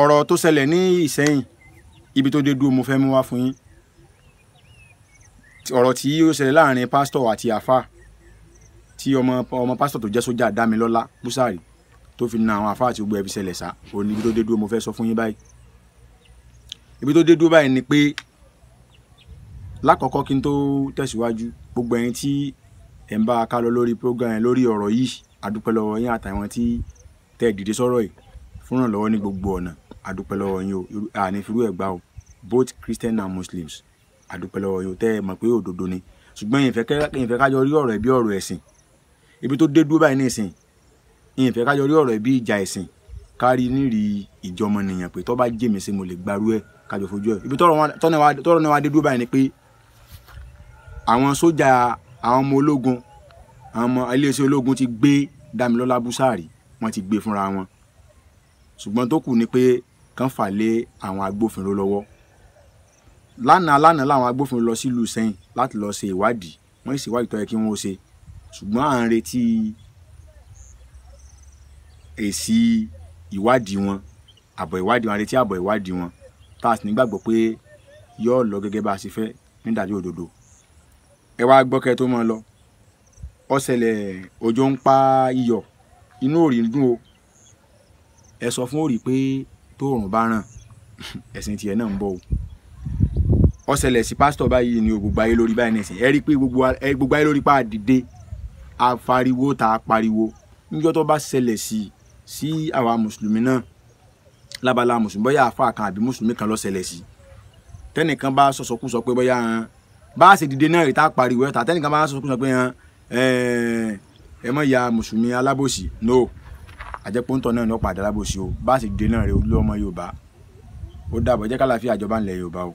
ọ̀rọ̀ tó ṣẹlẹ̀ ní Ìsẹ́yìn ibi tó dé dúró mo fẹ́ mú wá fún yín ọ̀rọ̀ tí ó ṣẹlẹ̀ láàrin pásítọ̀ àti àfà tí ọmọ ọmọ pásítọ̀ tó jẹ́ sójà Dámilọ́lá Búsàrì tó fi na àwọn àfà àti gbogbo ẹbí ṣẹlẹ̀ sá òun ni ibi tó dé dúró mo fẹ́ sọ fún yín báyìí ibi tó dé dúró báyìí ni pé lákọ̀ọ́kọ́ kí n tó tẹ̀síwájú gbogbo ẹ̀yin tí ẹ̀ ń bá a ká lọ lórí program yẹn lórí ọ̀rọ̀ yìí a lọ́wọ́ yín àtàwọn tí tẹ́ ẹ̀ dìde sọ́rọ̀ yìí fúnràn lọ́wọ́ ní gbogbo ọ̀nà àdúpẹ́ lọ́wọ́ yín o àní firú ẹ̀ gbá o both Christian and Muslims àdúpẹ́ lọ́wọ́ yín o tẹ́ ẹ mọ̀ pé òdodo ni ṣùgbọ́n ìfẹ́ kájọ rí ọ̀rọ̀ ẹ̀ bí ọ̀rọ̀ ẹ̀sìn ibi tó dé dúró báyìí nísìn ìfẹ́ kájọ rí ọ̀rọ̀ ẹ̀ bí ìjà ẹ̀sìn kárí nírì ìjọmọnìyàn pé tó bá jèmi sí mo lè gbarú ẹ̀ kájọ fojú ẹ̀ ibi tọ́rọ̀ náà wá dé dúró báyìí ni pé àwọn sójà àwọn ọmọ ológun àwọn ọmọ iléeṣẹ́ ológun ti gbé Dámilọ́lá Búsárì wọ́n ti gbé fúnra wọn ṣùgbọ́n tó kù ni pé kan fà lé àwọn agbófinró lọ́wọ́ lánàá lánàá làwọn agbófinró lọ sílùú sẹ́yìn láti lọ ṣe ìwádìí wọ́n sì wádìí tó yẹ kí wọ́n ṣe ṣùgbọ́n à ń retí èsì ìwádìí wọn àbọ̀ ìwádìí wọn à ń retí àbọ̀ ìwádìí wọn tá a sì nígbàgbọ́ pé yóò lọ gẹ́gẹ́ bá a ṣe fẹ́ nídàájọ́ òdodo ẹ wá gbọ́ kẹ́ tó mọ́ ọ lọ ó òjò ń pa iyọ̀ inú òrì ń dùn o ẹ sọ fún òrì pé tó òrùn bá ràn ẹ̀sìn tiẹ̀ náà ń bọ̀ o ó ṣẹlẹ̀ sí pásítọ̀ báyìí ni o gbogbo ayé lórí báyìí nìsín ẹ rí i pé gbogbo ayé lórí pa àdìde afariwo tá a pariwo níjọ́ tó bá ṣẹlẹ̀ sí sí àwa mùsùlùmí náà lábala mùsùlùmí bóyá àfa kan àbí mùsùlùmí kan ló ṣẹlẹ̀ sí tẹ́nìkan bá sọ̀sọ̀kú sọ pé bóyá bá a ṣe dìde náà rí tá a pariwo ẹ̀ ta tẹ́nìkan bá sọ̀sọ̀kú sọ pé ẹ̀ ẹ̀ mọ̀ ya mùsùlùmí alábòsí no àjẹpọ́ntọ̀ náà ní ọ̀pá àdálábòsí o bá a sì dé náà rè olú ọmọ Yorùbá ó dàbọ̀ jẹ́ kálàáfíà jọba ńlẹ̀ Yorùbá o.